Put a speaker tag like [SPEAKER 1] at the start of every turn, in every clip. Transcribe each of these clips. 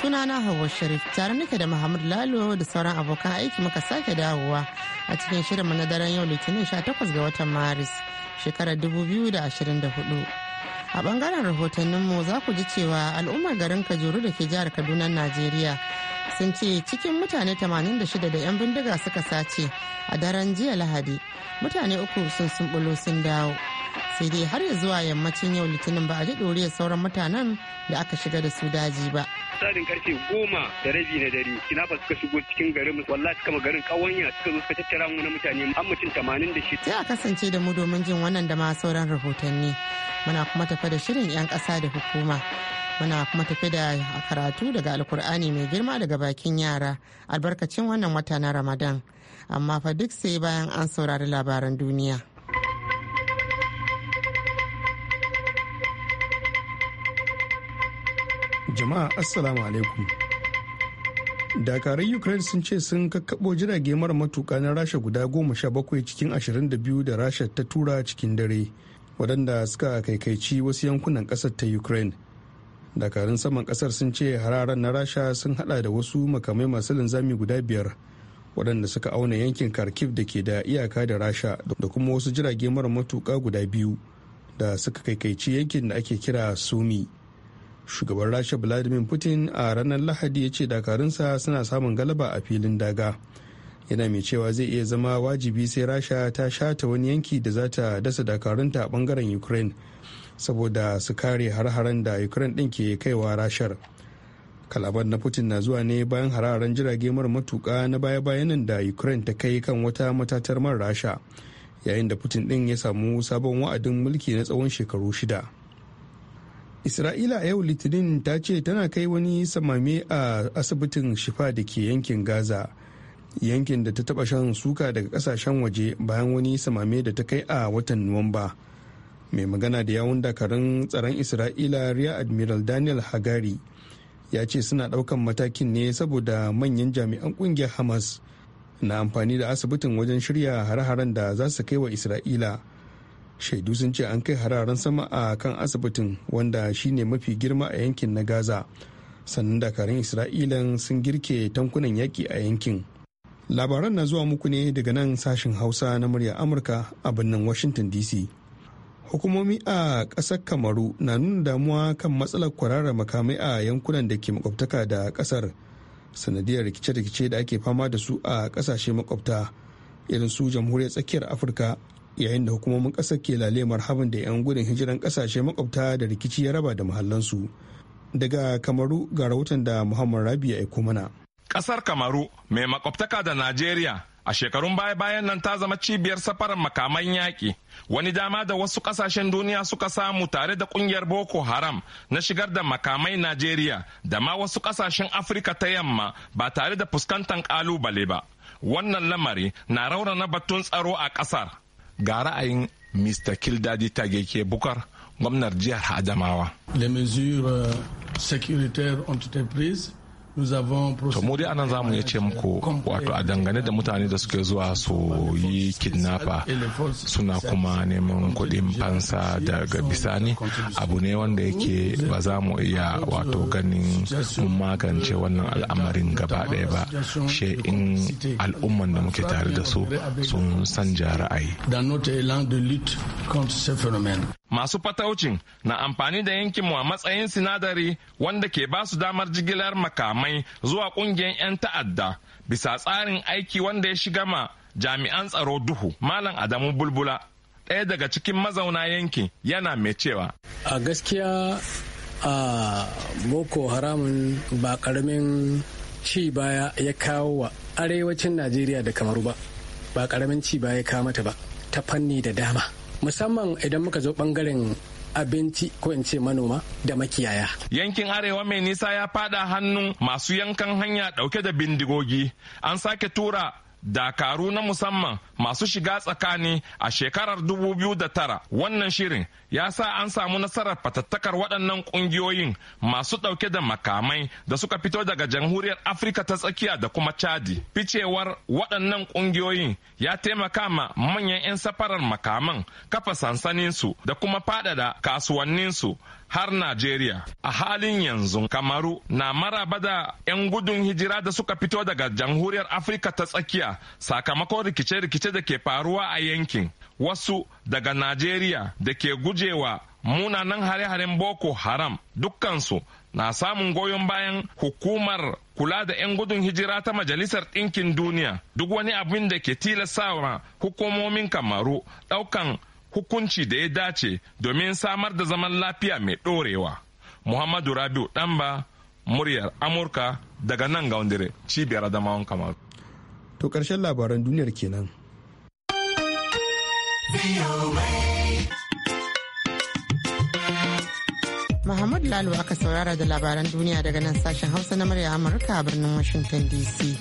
[SPEAKER 1] sunana hawa sharif tare nake da muhammad lalo da sauran abokan aiki muka sake dawowa a cikin shirin mu na daren yau litinin 18 ga watan maris shekarar 2024 a bangaren rahotanninmu za ku ji cewa al'ummar garin kajuru da ke jihar kaduna najeriya sun ce cikin mutane 86 da 'yan bindiga suka sace a daren jiya lahadi mutane uku sun sun sun dawo sai dai har ya zuwa yammacin yau litinin ba a ji ɗoriyar sauran mutanen da aka shiga da su daji ba.
[SPEAKER 2] misalin karfe goma da rabi na dare ina ba suka shigo cikin garin mu. wallahi suka garin kawanya suka zo suka tattara mu na mutane an mutum tamanin da shi.
[SPEAKER 1] sai a kasance da mu domin jin wannan da ma sauran rahotanni muna kuma tafe da shirin 'yan ƙasa da hukuma muna kuma tafi da karatu daga alkur'ani mai girma daga bakin yara albarkacin wannan wata na ramadan amma fa duk sai bayan an saurari labaran duniya.
[SPEAKER 3] Jama'a Assalamu alaikum. Dakarun Ukraine sun ce sun kakkabo jirage mara matuka na Rasha guda goma sha bakwai cikin ashirin da biyu da Rasha ta tura cikin dare, waɗanda suka kaikaici wasu yankunan ƙasar ta Ukraine. Dakarun saman ƙasar sun ce hararen na Rasha sun hada da wasu makamai masu linzami guda biyar, waɗanda suka auna yankin Kharkiv da ke da iyaka da Rasha da kuma wasu jirage mara matuka guda biyu da suka kaikaici yankin da ake kira Sumi. shugaban rasha vladimir putin a ranar lahadi ya ce dakarunsa suna samun galaba a filin daga yana mai cewa zai iya zama wajibi sai rasha ta shata wani yanki da za ta dasa dakarunta a bangaren ukraine saboda su kare har-haren da ukraine din ke kaiwa rashar kalaban na putin na zuwa ne bayan hararen jirage mara matuka na baya-bayanan da ukraine ta kai kan wata matatar man rasha yayin da putin din ya samu sabon wa'adin mulki na tsawon shekaru shida isra'ila a yau litinin ta ce tana kai wani samame a asibitin shifa da ke yankin gaza yankin da ta taba shan suka daga kasashen waje bayan wani samame da ta kai a watan nuwamba mai magana da yawun dakarun tsaron isra'ila rear admiral daniel hagari ya ce suna daukan matakin ne saboda manyan jami'an kungiyar hamas na amfani da asibitin wajen shirya hare-haren da za su kai wa isra'ila shaidu sun ce an kai hararen sama a kan asibitin wanda shine mafi girma a yankin na gaza sannan dakarun isra'ila sun girke tankunan yaƙi a yankin labaran na zuwa muku ne daga nan sashen hausa na murya amurka a birnin washington dc hukumomi a ƙasar kamaru na nuna damuwa kan matsalar kwararar makamai a yankunan da ke makwabtaka da ƙasar sanadiyar rikice-rikice da ake fama da su a ƙasashe makwabta irin su jamhuriyar tsakiyar afirka yayin da hukumomin ƙasar ke lalemar habin da 'yan gudun hijiran ƙasashe makwabta da rikici ya raba da mahallansu daga kamaru ga rahoton da muhammad rabi ya aiko mana ƙasar
[SPEAKER 4] kamaru mai makwabtaka da najeriya a shekarun baya-bayan nan ta zama cibiyar safarar makaman yaƙi wani dama da wasu ƙasashen duniya suka samu tare da ƙungiyar boko haram na shigar da makamai najeriya da ma wasu ƙasashen afirka ta yamma ba tare da fuskantar ƙalubale ba wannan lamari na raunana batun tsaro a ƙasar ga ra'ayin mr kildadi tageke bukar gwamnar jihar adamawa
[SPEAKER 5] les mesures euh, sécuritaires ont été prises to mu dai anan za
[SPEAKER 4] mu iya ce muku wato a dangane da mutane da suke zuwa su yi kidnapper suna kuma neman kuɗin fansa daga bisani abu ne wanda yake ba za mu iya wato ganin mun magance wannan al'amarin gaba ɗaya ba she in al'umman da muke tare da su sun sanja ra'ayi. Masu fataucin na amfani da yankinmu a matsayin sinadari wanda ke ba su damar jigilar makamai zuwa ƙungiyar 'yan ta'adda bisa tsarin aiki wanda ya shiga ma jami'an tsaro duhu. Malam Adamu Bulbula, ɗaya daga cikin mazauna yankin yana mai cewa.
[SPEAKER 6] A gaskiya a Boko Haramun ba ƙaramin ci baya ya kawo wa arewacin Najeriya da kamaru ba, ba ƙaramin ci baya ya kawo mata ba, ta fanni da dama. musamman idan muka zo bangaren abinci ko in ce manoma
[SPEAKER 2] da makiyaya.
[SPEAKER 4] Yankin arewa mai nisa ya fada hannun masu yankan hanya dauke da bindigogi. An sake tura dakaru na musamman masu shiga tsakani a shekarar 2009 wannan shirin ya sa an samu nasarar fatattakar waɗannan ƙungiyoyin masu ɗauke da makamai da suka fito daga jamhuriyar afirka ta tsakiya da kuma chadi ficewar waɗannan ƙungiyoyin ya taimaka ma manyan 'yan safarar makaman kafa sansaninsu da kuma faɗaɗa kasuwanninsu har Najeriya. A halin yanzu Kamaru na maraba da 'yan gudun hijira da suka fito daga jamhuriyar Afirka ta tsakiya sakamakon rikice-rikice da ke faruwa a yankin. Wasu daga Najeriya da ke gujewa munanan hare-haren Boko Haram dukkansu na samun goyon bayan hukumar kula da 'yan gudun hijira ta majalisar ɗinkin duniya duk wani abin da ke wa hukumomin kamaru ɗaukan hukunci da ya dace domin samar da zaman lafiya mai ɗorewa. Muhammadu Rabiu Ɗanba, muryar Amurka daga nan ga wandire cibiyar
[SPEAKER 3] Adamawan Kamaru. To ƙarshen labaran duniyar kenan.
[SPEAKER 1] Muhammadu Lalu aka saurara da labaran duniya daga nan sashen Hausa na murya Amurka a birnin Washington DC.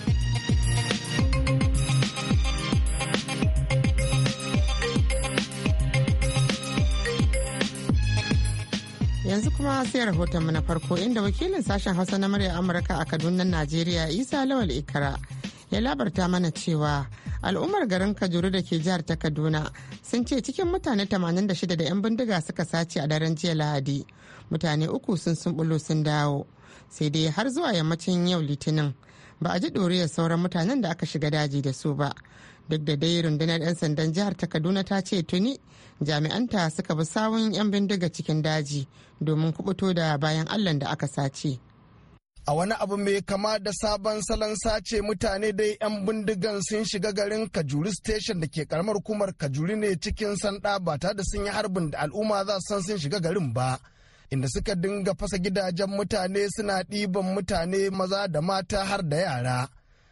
[SPEAKER 1] yanzu kuma sai rahoton mu na farko inda wakilin sashen hausa na murya amurka a kaduna najeriya isa lawal ikara ya labarta mana cewa al'ummar garin kajuru da ke jihar ta kaduna sun ce cikin mutane 86 da 'yan bindiga suka sace a daren jiya lahadi mutane uku sun sumbulo sun dawo sai dai har zuwa yammacin yau litinin ba a ji ɗoriyar sauran mutanen da aka shiga daji da su ba duk da dai rundunar 'yan sandan jihar ta kaduna ta ce tuni jami'anta suka bi sawun 'yan bindiga cikin daji domin kubuto da bayan allan da aka sace
[SPEAKER 7] a wani abu mai kama da sabon salon sace mutane dai 'yan bindigan sun shiga garin kajuri station da ke karamar hukumar kajuri ne cikin sanda ba tare da sun yi harbin da al'umma za san sun shiga garin ba inda suka dinga fasa gidajen mutane suna ɗiban mutane maza da mata har da yara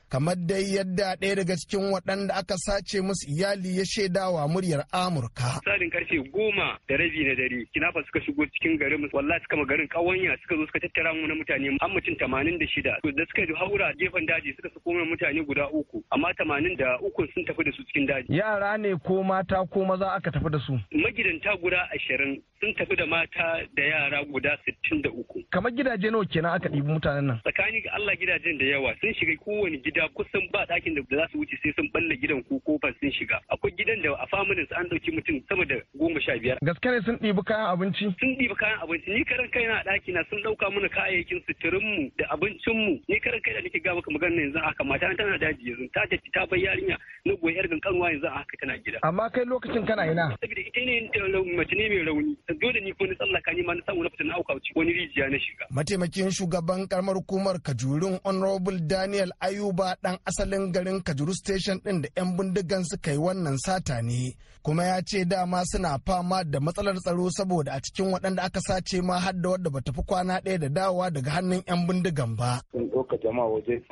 [SPEAKER 7] kamar dai yadda ɗaya daga cikin waɗanda aka sace musu iyali ya shaidawa muryar Amurka.
[SPEAKER 2] Misalin karfe goma da rabi na dare, kinafa suka shigo cikin garin wallahi suka garin ƙawanya suka zo suka tattara mu na mutane an mutum tamanin da shida. Da suka haura gefen daji suka sako mana mutane guda uku, amma tamanin da uku sun tafi da su cikin daji.
[SPEAKER 7] Yara ne ko mata ko maza aka tafi da su?
[SPEAKER 2] Magidanta guda ashirin sun tafi da mata da yara guda sittin da uku.
[SPEAKER 7] Kamar gidaje nawa kenan aka ɗibi mutanen nan?
[SPEAKER 2] Tsakanin Allah gidajen da yawa sun shiga kowane gida gida kusan ba ɗakin da za su wuce sai sun balle gidan ko kofar sun shiga akwai gidan da a familin an ɗauki mutum sama da goma sha biyar.
[SPEAKER 7] gaske ne sun ɗibi kayan abinci. sun
[SPEAKER 2] ɗibi kayan abinci ni karan na a ɗaki na sun ɗauka mana kayayyakin mu da abincinmu ni karan da nake ga maka magana yanzu haka mata tana daji yanzu ta tafi ta bar yarinya na goyi yar kanwa yanzu haka tana gida.
[SPEAKER 6] amma kai lokacin
[SPEAKER 2] kana ina. saboda ita ne mace ne mai rauni dole ni ko ni tsallaka ni ma na samu na fita na auka wani rijiya na shiga.
[SPEAKER 7] mataimakin shugaban karamar hukumar kajurin honorable daniel ayuba cewa ɗan asalin garin Kajuru Station ɗin da 'yan bindigan suka yi wannan sata ne, kuma ya ce dama suna fama da matsalar tsaro saboda a cikin waɗanda aka sace ma har da wadda bata fi kwana ɗaya da dawowa daga hannun 'yan bindigan ba.
[SPEAKER 6] Sun ɗauka jama'a waje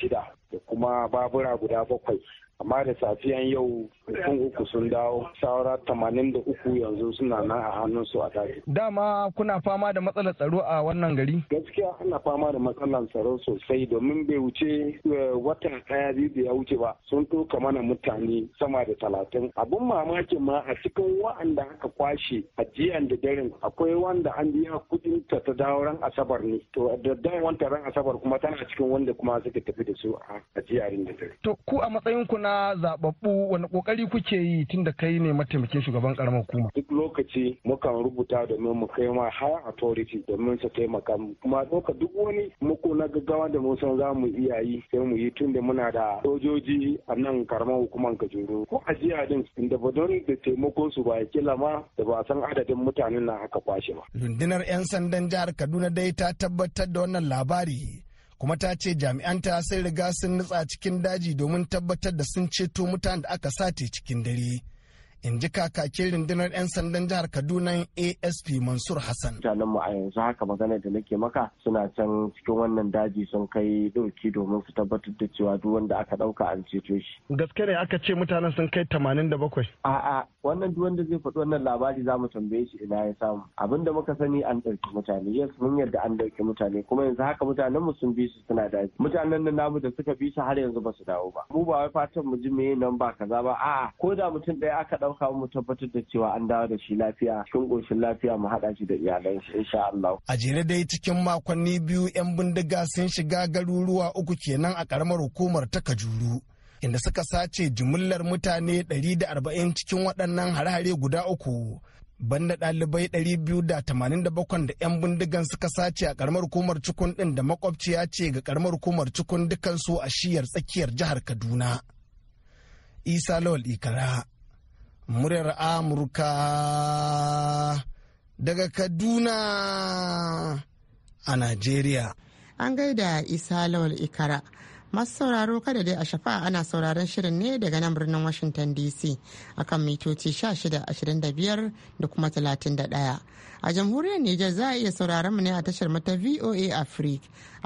[SPEAKER 6] shida da kuma babura guda bakwai amma da safiyan yau sun uku sun dawo shawara tamanin da uku yanzu suna nan a hannun su a daji.
[SPEAKER 7] dama kuna fama da matsalar tsaro a wannan gari gaskiya ana fama da matsalar tsaro sosai domin bai wuce
[SPEAKER 6] eh, watan ɗaya biyu bai wuce ba sun toka mana mutane sama da talatin abun mamaki ma a cikin wa'anda aka kwashe ajiyan da daren akwai wanda an biya kudin ta ta dawo ran asabar ne to da wanta ran asabar kuma tana cikin wanda kuma suka tafi da su a jiyarin da dare
[SPEAKER 7] to ku a matsayin ku na zababbu wani kokari kuke yi tun da kai ne mataimakin shugaban karamar hukuma
[SPEAKER 6] duk lokaci mukan rubuta domin mu kai ma high authority domin su taimaka mu kuma doka duk wani muku na gaggawa da mun san za mu iya yi sai mu yi tun da muna da sojoji a nan karamar hukumar Kajuru ko ajiya din inda ba don da taimakon su ba ya kila ma da ba san adadin mutanen na aka kwashe ba
[SPEAKER 7] rundunar 'yan sandan jihar Kaduna dai ta tabbatar da wannan labari kuma ta ce jami'anta sai riga sun nutsa cikin daji domin tabbatar da sun ceto mutanen da aka sace cikin dare in ji kakakin rundunar 'yan sandan jihar kaduna asp mansur hassan
[SPEAKER 6] mutanen mu a yanzu haka magana da nake maka suna can cikin wannan daji sun kai doki domin su tabbatar da cewa duk wanda aka dauka an ceto shi
[SPEAKER 7] gaske ne aka ce mutanen sun kai tamanin da bakwai. a'a
[SPEAKER 6] wannan duk wanda zai faɗi wannan labari za mu tambaye shi ina ya samu da muka sani an ɗauki mutane yes mun yarda an ɗauki mutane kuma yanzu haka mutanen mu sun bi su suna daji mutanen nan namu da suka bi su har yanzu ba su dawo ba mu ba wai fatan mu ji me nan ba kaza ba a'a ko da mutum ɗaya aka ɗauka ɗauka mu tabbatar da cewa an dawo da shi lafiya cikin ƙoshin lafiya mu haɗa shi da iyalan shi insha Allah.
[SPEAKER 7] A jere dai cikin makonni biyu 'yan bindiga sun shiga garuruwa uku kenan a ƙaramar hukumar ta Kajuru. Inda suka sace jimillar mutane 140 cikin waɗannan hare-hare guda uku. banda ɗalibai 287 da 'yan bindigan suka sace a karamar hukumar cikun ɗin da makwabciya ce ga karamar hukumar cikun dukansu a shiyar tsakiyar jihar kaduna isa lawal ikara muryar amurka daga kaduna a najeriya
[SPEAKER 1] an gaida isa lawal ikara masu sauraro kada dai a shafa ana sauraron shirin ne daga nan birnin washington dc akan mitoci 1625 da kuma 31 a jamhuriyar Nijar za a iya sauraron mu ne a tashar mata VOA Africa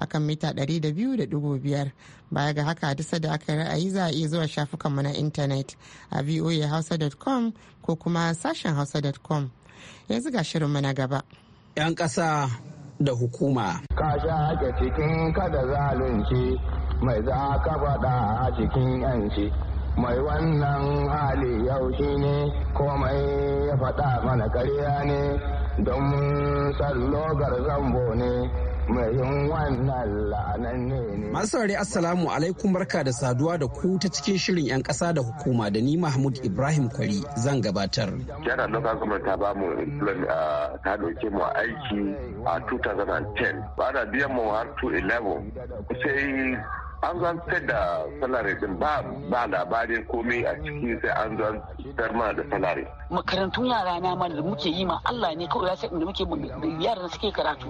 [SPEAKER 1] kan mita 200.5 baya ga haka disa da aka ra'ayi za a iya zuwa shafukan mu na intanet a voahausa.com ko kuma sashen hausa.com yanzu ga shirin mu na gaba.
[SPEAKER 8] 'Yan ƙasa
[SPEAKER 9] da hukuma. Ka sha ake cikin kada zalunci mai za ka faɗa a cikin 'yanci. mai wannan hali yau shi ne komai ya faɗa mana karya ne don sallogar zambo ne mayin wannan la'anan ne masu
[SPEAKER 8] saurari assalamu alaikum barka da saduwa da ku ta cikin shirin 'yan ƙasa da hukuma da ni mahmud ibrahim kwari zan gabatar
[SPEAKER 10] jana local kuma ta ba mu ta doke mu aiki a 2010 ba da biyan mu har 2011 sai an zantar da salari din ba ba labarin komai a ciki sai an zantar ma da
[SPEAKER 2] salari
[SPEAKER 11] makarantun yara na ma da muke yi ma Allah ne kawai ya san inda muke da suke karatu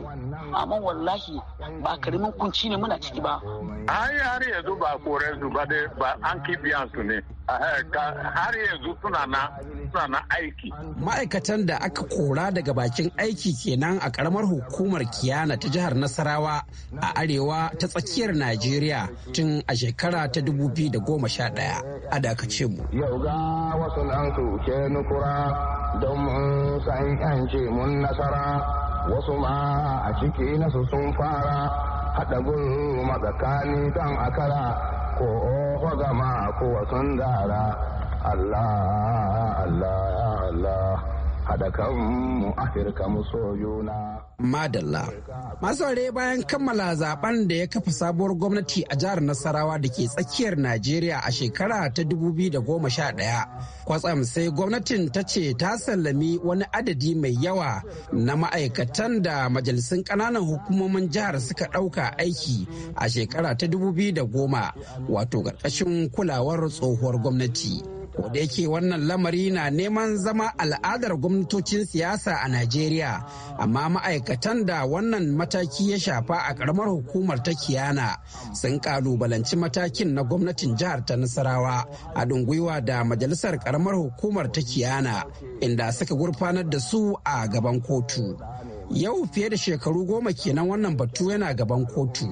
[SPEAKER 11] amma wallahi ba karamin kunci ne muna ciki ba ai har yanzu
[SPEAKER 5] ba koren su ba dai ba an kibiyan su ne har yanzu suna na suna na aiki
[SPEAKER 8] ma'aikatan da aka kora daga bakin aiki kenan a karamar hukumar kiyana ta jihar nasarawa a arewa ta tsakiyar najeriya tun a shekara ta da goma sha ɗaya a dakace mu. Yau ga
[SPEAKER 9] wasu nan ke nukura don mun san yanci mun nasara wasu ma a ciki nasu sun fara haɗa gulu matsakani kan akara ko oho gama ko wasu dara Allah Allah Allah haɗa kanmu Afirka mu so Madalla.
[SPEAKER 8] Masaure bayan kammala zaben da ya kafa sabuwar gwamnati a jihar Nasarawa da ke tsakiyar Najeriya a shekara ta 2011. Kwatsam sai gwamnatin ta ce ta sallami wani adadi mai yawa na ma'aikatan da majalisun ƙananan hukumomin jihar suka ɗauka aiki a shekara ta 2010 wato ƙarƙashin kulawar tsohuwar gwamnati. Koda da yake wannan lamari na neman zama al'adar gwamnatocin siyasa a najeriya amma ma'aikatan da wannan mataki ya shafa a karamar hukumar ta kiyana sun kalubalanci matakin na gwamnatin jihar ta nasarawa haɗin gwiwa da majalisar karamar hukumar ta kiyana inda suka gurfanar da su a gaban kotu yau fiye da shekaru goma kenan wannan batu yana gaban kotu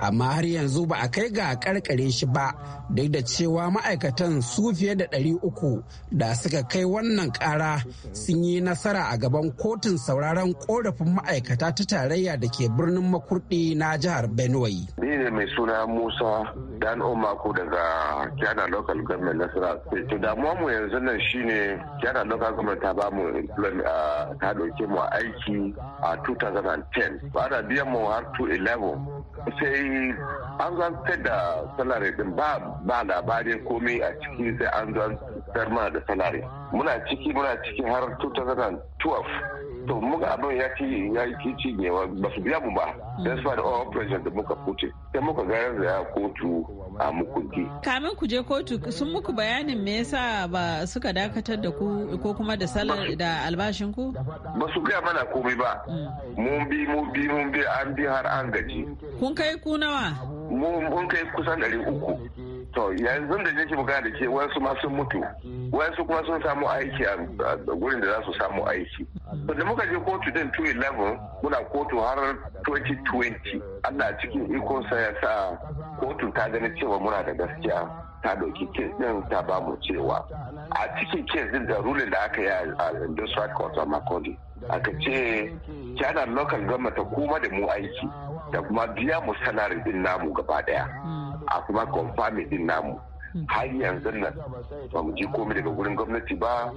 [SPEAKER 8] amma har yanzu ba a kai ga karkare shi ba duk da cewa ma'aikatan su fiye da ɗari uku da suka kai wannan ƙara sun yi nasara a gaban kotun sauraron korafin ma'aikata ta tarayya da ke birnin makurɗi na jihar benue
[SPEAKER 10] ni ne mai suna musa dan omako daga kyana local government nasara to damuwa mu yanzu nan shine kyana local government ta ba mu ah, ta dauke mu aiki a 2010 ba da biyan mu har 2011 sai an zan da salari din ba ba labarin komai a ciki sai an zan garma da salari muna ciki muna ciki har 2012 to muka abin ya ci ya yi cinyewa ba su biya mu ba don su da operation oh, da muka kuce sai muka gayar da ya kotu
[SPEAKER 12] a mukunki kamin ku je kotu sun muku bayanin me yasa ba suka dakatar da ku ko kuma da salar da albashin ku
[SPEAKER 10] ba su gaya mana komai ba mm. mun bi mun bi mun bi an bi har an gaji
[SPEAKER 12] kun kai ku nawa
[SPEAKER 10] mun kai kusan 300 to yanzu da nake magana da ke wasu ma mutu wasu kuma sun samu aiki a gurin da za su samu aiki da muka je kotu din 2011 muna kotu har 2020 Allah cikin sa ya sa kotu ta gani cewa muna da gaskiya ta ɗauki kes ɗin ta ba mu cewa a cikin kes ɗin da rulin da aka yi a industrial court of makoli aka ce kyanar local government ta kuma da mu aiki da kuma biya mu salari din namu gaba ɗaya a kuma confirming din namu har yanzu nan ba mu ji komai daga wurin gwamnati ba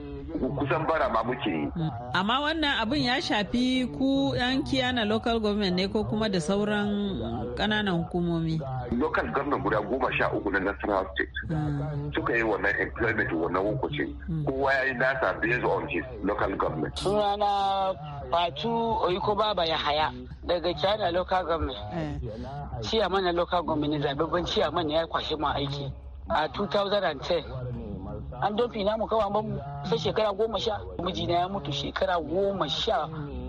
[SPEAKER 10] kusan bara ma muke yi. Mm.
[SPEAKER 12] Amma wannan abin ya shafi ku yan kiyana local government ne ko kuma da sauran kananan hukumomi.
[SPEAKER 10] Local government guda goma sha uku na National State.
[SPEAKER 12] Mm.
[SPEAKER 10] Suka yi wannan employment wannan hukuncin. Mm. Kowa ya yi nasa based on his local government.
[SPEAKER 11] Sunana Fatu Oiko Baba haya daga China local government. Eh. Ciyaman na local government ne zababben ciyaman ya kwashe mu aiki. a 2010 an dofi na mu kawai ban sai shekara goma sha mijina ya mutu shekara goma sha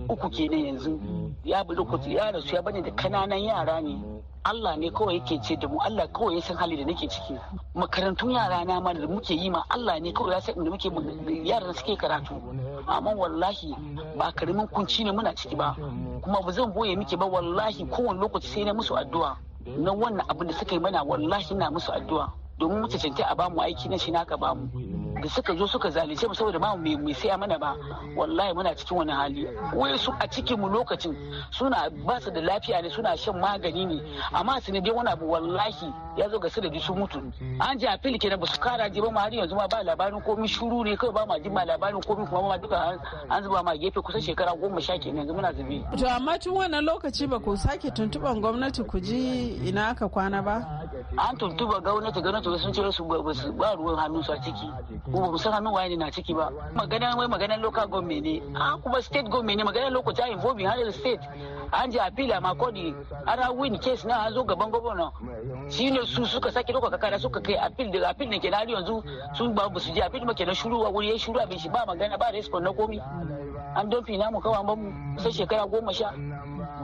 [SPEAKER 11] uku kenan yanzu ya bulukutu ya rasu ya bane da kananan yara ne Allah ne kawai yake ce da mu Allah kawai ya san hali da nake ciki makarantun yara na ma da muke yi ma Allah ne kawai ya san inda muke yaran suke karatu amma wallahi ba karamin kunci ne muna ciki ba kuma ba zan boye muke ba wallahi kowane lokaci sai na musu addu'a na wannan abin da suka yi mana wallahi na musu addu'a domin wuce cancanci a bamu aiki na shi naka bamu da suka zo suka zalice mu saboda ba mu mai saya mana ba wallahi muna cikin wani hali wai su a cikin mu lokacin suna ba su da lafiya ne suna shan magani ne amma su ne dai wani abu wallahi ya zo ga su da su mutu an ji fili kenan ba su kara ji ba ma har yanzu ma ba labarin komai shuru ne kawai ba ma ji ma labarin komai kuma ma duka an zuba ma gefe kusan shekara goma sha kenan yanzu muna zube.
[SPEAKER 12] to amma tun wannan lokaci ba ku sake tuntuban gwamnati ku ji ina aka kwana ba. an tuntuba
[SPEAKER 11] gwamnati gwamnati sun ce su ba ruwan hannu su a ciki ba su san hannun waye na ciki ba magana wai maganar local government ne a ah, kuma state government ne maganar local ta in hannun state an ji apila ma kodi ana win case na an zo gaban gwamna ne su suka sake doka kakara suka kai apil daga apil ne kenan yanzu sun ba su ji apil ma kenan a wuri ya shuru abin shi ba magana ba respond na komi an fina mu kawai ba mu sai shekara goma sha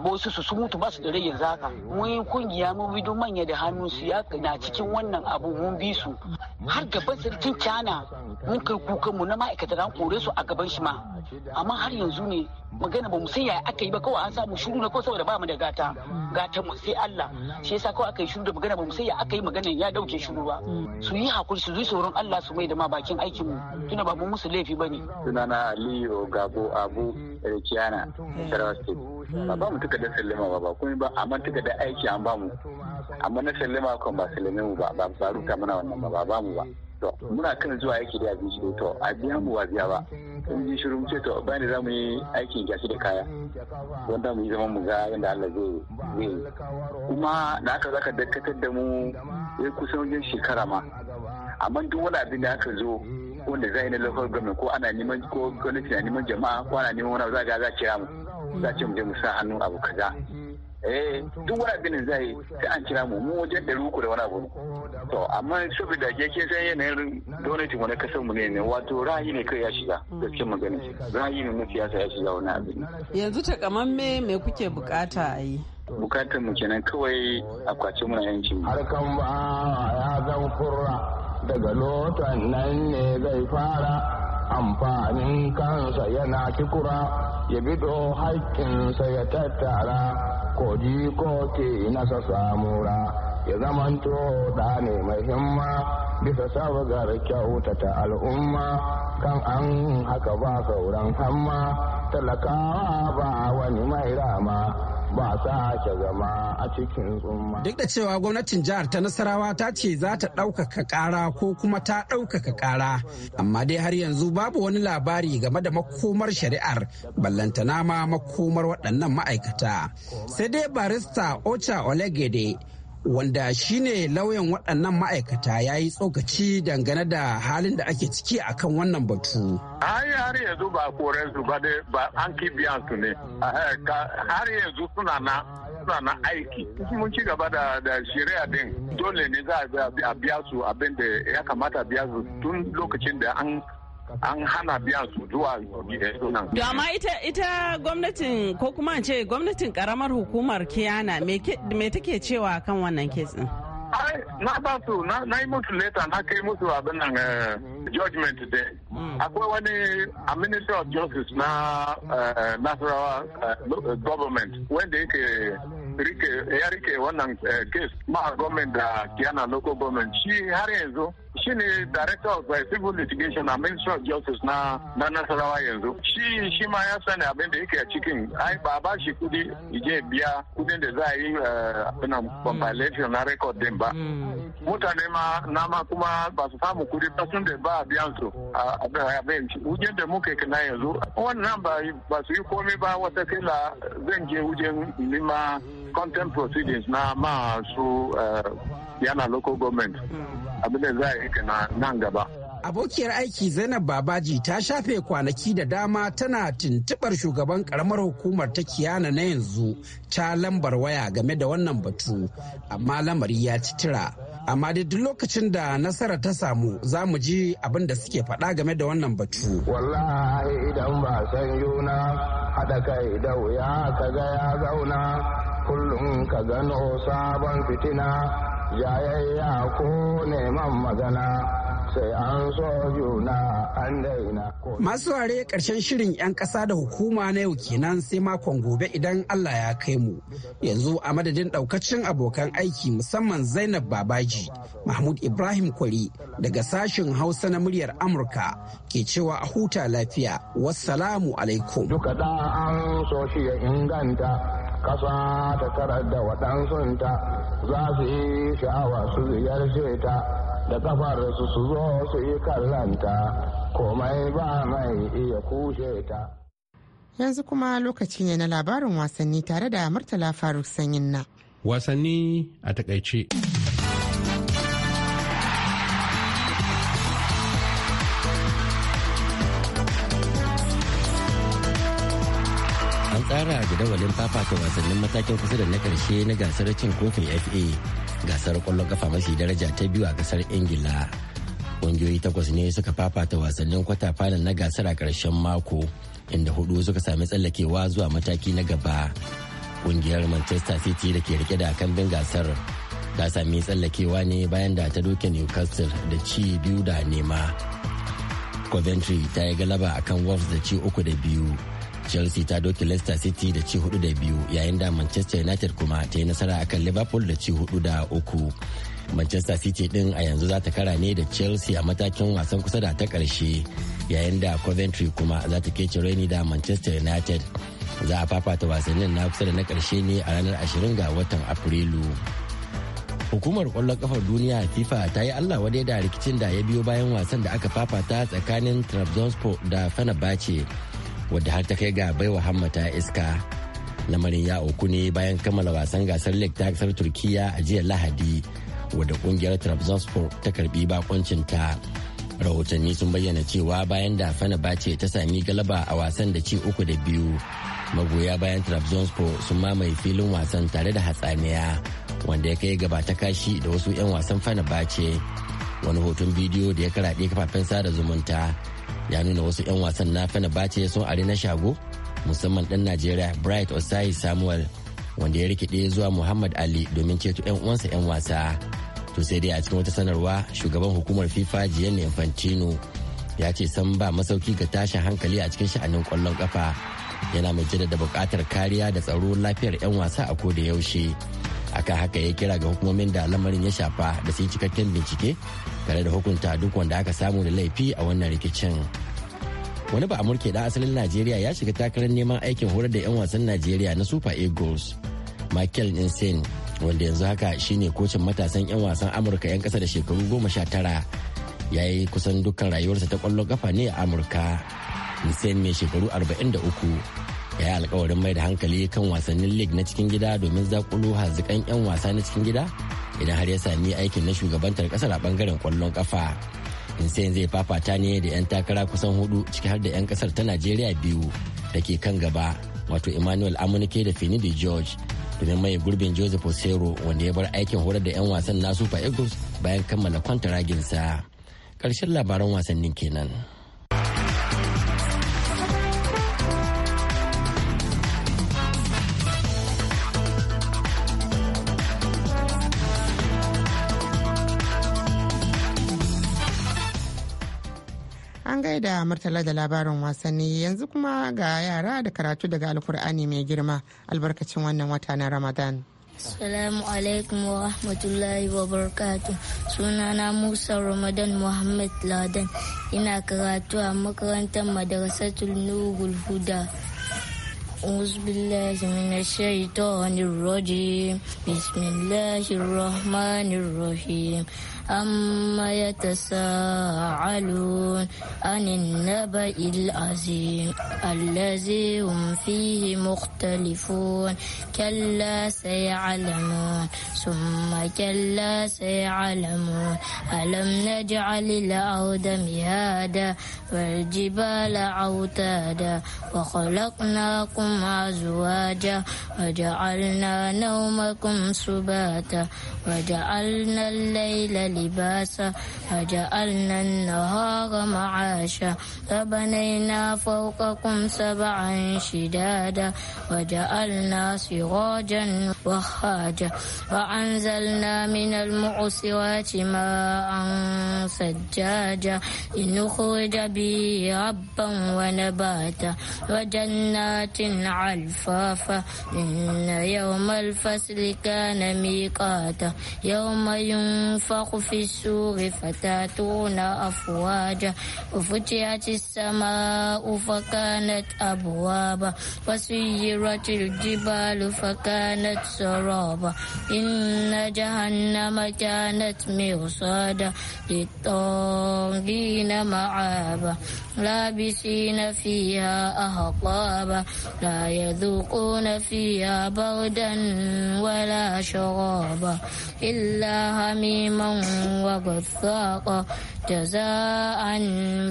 [SPEAKER 11] ba su su mutu ba su da rage zaka mun kungiya mun bi don manya da hannu su ya na cikin wannan abu mun bi su har gaban sarkin cana mun kai kukan mu na ma'aikata an kore su a gaban shi ma amma har yanzu ne magana ba mu san yaya aka yi ba kawai an samu shuru na ko saboda ba mu da gata gata mu sai Allah shi yasa kawai aka yi shuru da magana ba mu san ya aka yi magana ya dauke shuru ba su yi hakuri su yi tsoron Allah su mai da ma bakin aikin mu tuna ba mu musu laifi bane
[SPEAKER 5] sunana Aliyu Gabo Abu
[SPEAKER 11] Rikiana Sarawa ba ba mu da
[SPEAKER 5] sallama ba ba kuma ba amma da aiki an ba mu amma na sallama kan ba sallame mu ba ba ruka mana wannan ba ba mu ba to muna kan zuwa aiki da abin shi to a biya mu ba biya ba in ji shirin ce to bani za mu yi aikin gashi da kaya wanda mu yi zaman mu ga yadda Allah zai yi. kuma da aka zaka dakatar da mu ya kusan wajen shekara ma amma duk wani abin da aka zo wanda zai na local government ko ana neman ko gwamnati na neman jama'a ko ana neman wani za ga za kira mu za ce mu je mu sa hannu abu kaza eh duk wani abin da zai sai an kira mu mu wajen ɗari uku da wani abu to amma saboda ke ke san yanayin gwamnati mu na kasar mu ne ne wato ra'ayi ne kai ya shiga gaskiyar magana ra'ayi ne na siyasa ya shiga wani abin
[SPEAKER 12] yanzu takamamme me kuke bukata a yi
[SPEAKER 5] bukatar mu kenan kawai a kwace muna yanci mu harkan
[SPEAKER 12] ba
[SPEAKER 9] ya zan kurra daga lotan nan ne zai fara amfanin kansa yana kikura ya bido haƙƙinsa ya tattara koji ko ke nasa samura ya zamanto da ne mai himma bisa sabgar kyautata al'umma kan an haka ba sauran hamma talakawa ba wani mai rama ba sa ke zama a cikin tsumma.
[SPEAKER 8] Duk da cewa gwamnatin jihar ta Nasarawa ta ce za ta ɗaukaka ƙara ko kuma ta ɗaukaka ƙara, amma dai har yanzu babu wani labari game da makomar shari'ar ballantana ma makomar waɗannan ma'aikata. Sai dai barista Ocha Olegede wanda shine lauyan waɗannan ma'aikata ya yi tsokaci dangane da halin da ake ciki a kan wannan batu.
[SPEAKER 5] har yanzu ba koren su ba ba an biyan su ne har yanzu suna na suna na aiki mun ci gaba da da shari'a din dole ne za a biya su abin da ya kamata biya su tun lokacin da an an hana
[SPEAKER 10] biyan su zuwa nan.
[SPEAKER 5] To amma
[SPEAKER 12] ita ita gwamnatin ko kuma ce gwamnatin karamar hukumar Kiyana me take cewa kan wannan kesin? na ba
[SPEAKER 5] su na yi musu leta na kai musu abin nan eh, judgment day hmm. akwai wani a minister of justice na eh, nasarawa eh, government wanda yake ya rike wannan eh, case maha government da kiyana local government shi har yanzu shi ne director of eh, civil litigation and ministry of justice na na nasarawa yanzu shi shi ma ya sani abin da yake a cikin ai ba ba shi kudi je biya kudin da za a yi eh, abin hmm. compilation na record din ba hmm. mutane ma na ma kuma ba su samu kudi ba sun da ba a biyan su abin wujen da muke kana yanzu wannan ba su yi komai ba watakila zan je wujen nima content proceedings na masu eh, yana local government abin da za a yi nan gaba
[SPEAKER 8] abokiyar aiki zainab babaji ta shafe kwanaki da dama tana tuntubar shugaban karamar hukumar ta kiyana na yanzu ta lambar waya game da wannan batu amma lamari ya ci tira amma duk lokacin da nasara ta samu za mu ji abin da suke faɗa game da wannan batu
[SPEAKER 9] wallahi idan ba san yuna haɗa kai da wuya ka ga ya zauna kullum ka gano sabon fitina, jayayya ko
[SPEAKER 8] neman magana. sai an Masu ware ƙarshen shirin 'yan ƙasa da hukuma na yau kenan sai makon gobe idan Allah ya kai mu. Yanzu a madadin ɗaukacin abokan aiki musamman Zainab Babaji, Mahmud Ibrahim Kwari daga sashen Hausa na muryar Amurka ke cewa a huta lafiya. Wassalamu alaikum. Duka da an so shi ya inganta
[SPEAKER 9] ƙasa ta karar da waɗansunta za su yi sha'awa su ziyarce ta da kafar su su zo su yi komai ba mai iya kushe ta.
[SPEAKER 1] Yanzu kuma lokaci ne na labarin wasanni tare da Murtala Faruk Sanyin na.
[SPEAKER 8] Wasanni a takaice.
[SPEAKER 13] tsara jadawalin fafata wasannin matakin kusa da na karshe na gasar cin kofin fa gasar kwallon kafa mafi daraja ta biyu a gasar ingila Ƙungiyoyi takwas ne suka fafata wasannin kwata falon na gasar a karshen mako inda hudu suka sami tsallakewa zuwa mataki na gaba. Ƙungiyar Manchester City da ke rike da kambin gasar ta sami tsallakewa ne bayan da ta doke Newcastle da ci biyu da nema. Coventry ta yi galaba akan Wolves da ci uku da biyu. chelsea ta doke leicester city da ci hudu da biyu yayin da manchester united kuma ta yi nasara akan liverpool da ci hudu da uku manchester city din a yanzu za ta kara ne da chelsea a matakin wasan kusa da ta karshe yayin da coventry kuma za ta kece raini da manchester united za a fafata wasannin na kusa da na karshe ne a ranar 20 ga watan afrilu hukumar kwallon kafar duniya fifa ta yi allah wadai da rikicin da ya biyo bayan wasan da aka fafata tsakanin trabzonspor da fenerbahce wadda har ta kai ga baiwa hammata iska lamarin ya auku ne bayan kammala wasan gasar lake ta kasar turkiya a jiya lahadi wadda kungiyar Trabzonspor ta karbi bakoncinta. Rahotanni sun bayyana cewa bayan da bace ta sami galaba a wasan da ci uku da biyu. Magoya bayan Trabzonspor sun mamaye filin wasan tare da hatsaniya wanda ya kai gaba ta kashi da wasu 'yan wasan bace Wani hoton bidiyo da ya karaɗe kafafen sada zumunta ya nuna wasu 'yan wasan na bace sun are na shago musamman ɗan Najeriya Bright Osai Samuel wanda ya rikide zuwa Muhammad Ali domin ceto 'yan uwansa 'yan wasa. to sai dai a cikin wata sanarwa shugaban hukumar fifa gianni infantino ya ce san ba masauki ga tashin hankali a cikin sha'anin kwallon kafa yana mai jaddada bukatar kariya da tsaro lafiyar 'yan wasa a koda yaushe akan haka ya kira ga hukumomin da lamarin ya shafa da su cikakken bincike tare da hukunta duk wanda aka samu da laifi a wannan rikicin wani ba amurke da asalin najeriya ya shiga takarar neman aikin horar da 'yan wasan najeriya na super eagles michael insane wanda yanzu haka shine kocin matasan 'yan wasan amurka 'yan kasa da shekaru goma sha tara ya yi kusan dukkan rayuwarsa ta kwallon kafa ne a amurka nisan mai shekaru arba'in 43 ya yi alkawarin mai da hankali kan wasannin league na cikin gida domin zakulo hazikan 'yan wasa na cikin gida idan har ya sami aikin na shugabantar kasar a bangaren kwallon kafa nisan zai fafata ne da 'yan takara kusan hudu ciki har da 'yan kasar ta Najeriya biyu da ke kan gaba wato Emmanuel Amunike da Finidi George domin mai gurbin joseph osero wanda ya bar aikin horar da 'yan wasan nasu super eagles bayan kammala kwantaraginsa ƙarshen labaran wasannin kenan.
[SPEAKER 1] da Murtala da labarin wasanni yanzu kuma ga yara da karatu daga Alkur'ani mai girma albarkacin wannan wata na Ramadan.
[SPEAKER 14] Salamu alaikum wa rahmatullahi wa barakatu. Sunana Musa Ramadan Muhammad Ladan. Ina karatu a makarantar Madrasatul Nurul Huda. Uzbillahi بالله من wani الرجيم بسم الله أما يتساءلون عن النبأ العظيم الذي هم فيه مختلفون كلا سيعلمون ثم كلا سيعلمون ألم نجعل الأرض مهادا والجبال عوتادا وخلقناكم أزواجا وجعلنا نومكم سباتا وجعلنا الليل لباسا وجعلنا النهار معاشا فبنينا فوقكم سبعا شدادا وجعلنا سراجا وخاجا وأنزلنا من المعصرات ماء سجاجا لنخرج به ربا ونباتا وجنات علفافا إن يوم الفصل كان ميقاتا يوم ينفخ في في السوق فتاتون أفواجا وفتحت السماء فكانت أبوابا وسيرت الجبال فكانت سرابا إن جهنم كانت مرصادا للطاغين معابا لابسين فيها أهقابا لا يذوقون فيها بردا ولا شرابا إلا هميما وغثاقا جزاء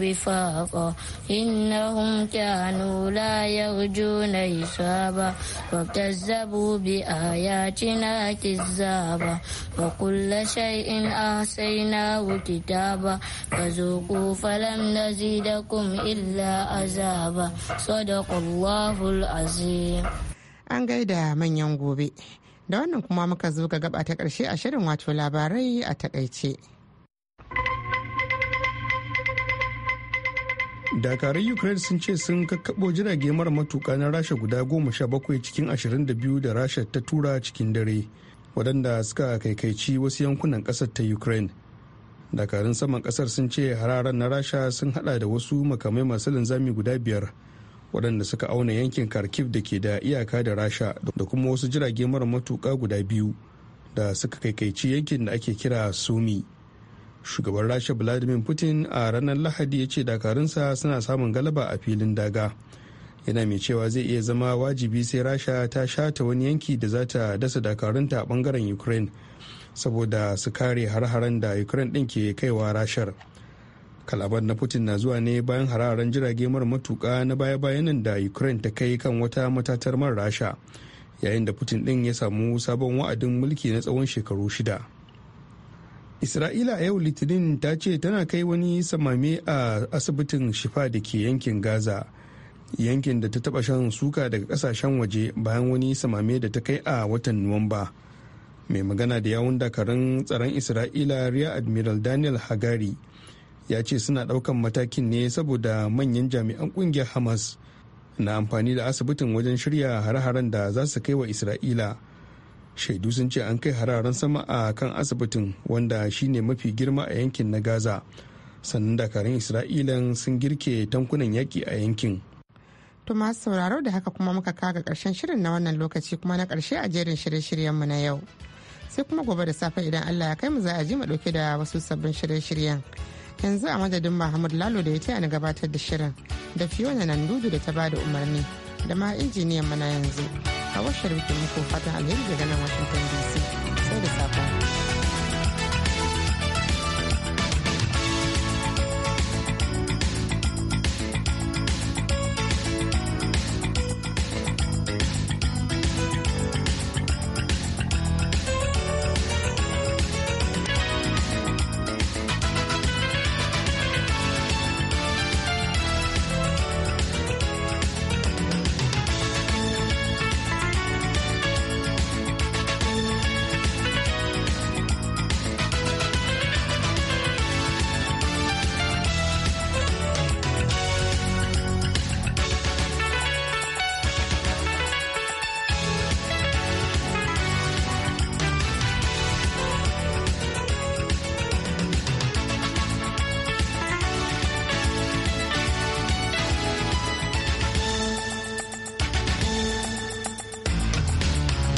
[SPEAKER 14] وفاقا إنهم كانوا لا يرجون حسابا وكذبوا بآياتنا كذابا وكل شيء أحصيناه كتابا فذوقوا فلم نزيدكم إلا عذابا صدق الله العظيم
[SPEAKER 1] an gaida manyan gobe da wannan kuma muka zo ga gaba ta karshe a shirin wato labarai a takaice.
[SPEAKER 3] dakarun ukraine sun ce sun kakkabo jirage mara matuka na rasha guda goma sha bakwai cikin ashirin da biyu da rasha ta tura cikin dare wadanda suka kaikaici wasu yankunan ƙasar ta ukraine dakarun saman ƙasar sun ce hararen na rasha sun hada da wasu makamai masu linzami guda biyar waɗanda suka auna yankin kharkiv da ke da iyaka da rasha da kuma wasu jirage mara matuƙa guda biyu da suka kaikaici yankin da ake kira sumi shugaban rasha vladimir putin a ranar lahadi ya ce dakarunsa suna samun galaba a filin daga yana mai cewa zai iya zama wajibi sai rasha ta shata wani yanki da za ta dasa dakarunta a bangaren ukraine saboda su kare har-haren da ukraine ɗin ke kaiwa rashar kalabar na putin na zuwa ne bayan hararen jirage mara matuka na baya-bayan nan da ukraine ta kai kan wata matatar man rasha yayin da putin din ya samu sabon wa'adin mulki na tsawon shekaru shida isra'ila a yau litinin ta ce tana kai wani samame a asibitin shifa da ke yankin gaza yankin da ta taba shan suka daga kasashen waje bayan wani samame da ta kai a watan nuwamba mai magana da yawun dakarun tsaron isra'ila rear admiral daniel hagari ya ce suna ɗaukan matakin ne saboda manyan jami'an ƙungiyar hamas na amfani da asibitin wajen shirya hare-haren da za su kai wa isra'ila shaidu sun ce an kai hararen sama a kan asibitin wanda shine mafi girma a yankin na gaza sannan dakarun isra'ila sun girke tankunan yaƙi a yankin
[SPEAKER 1] to masu sauraro da haka kuma muka ga karshen shirin na wannan lokaci kuma na karshe a jerin shirye-shiryenmu na yau sai kuma gobe da safe idan allah ya kai mu za a ji mu dauke da wasu sabbin shirye-shiryen yanzu a madadin mahmud Lalo da ya taya ni gabatar da shirin da Fiona nan dudu da ta bada umarni da ma injiniyan mana yanzu. A rikin muku fatan alheri daga nan Washington DC sai da safen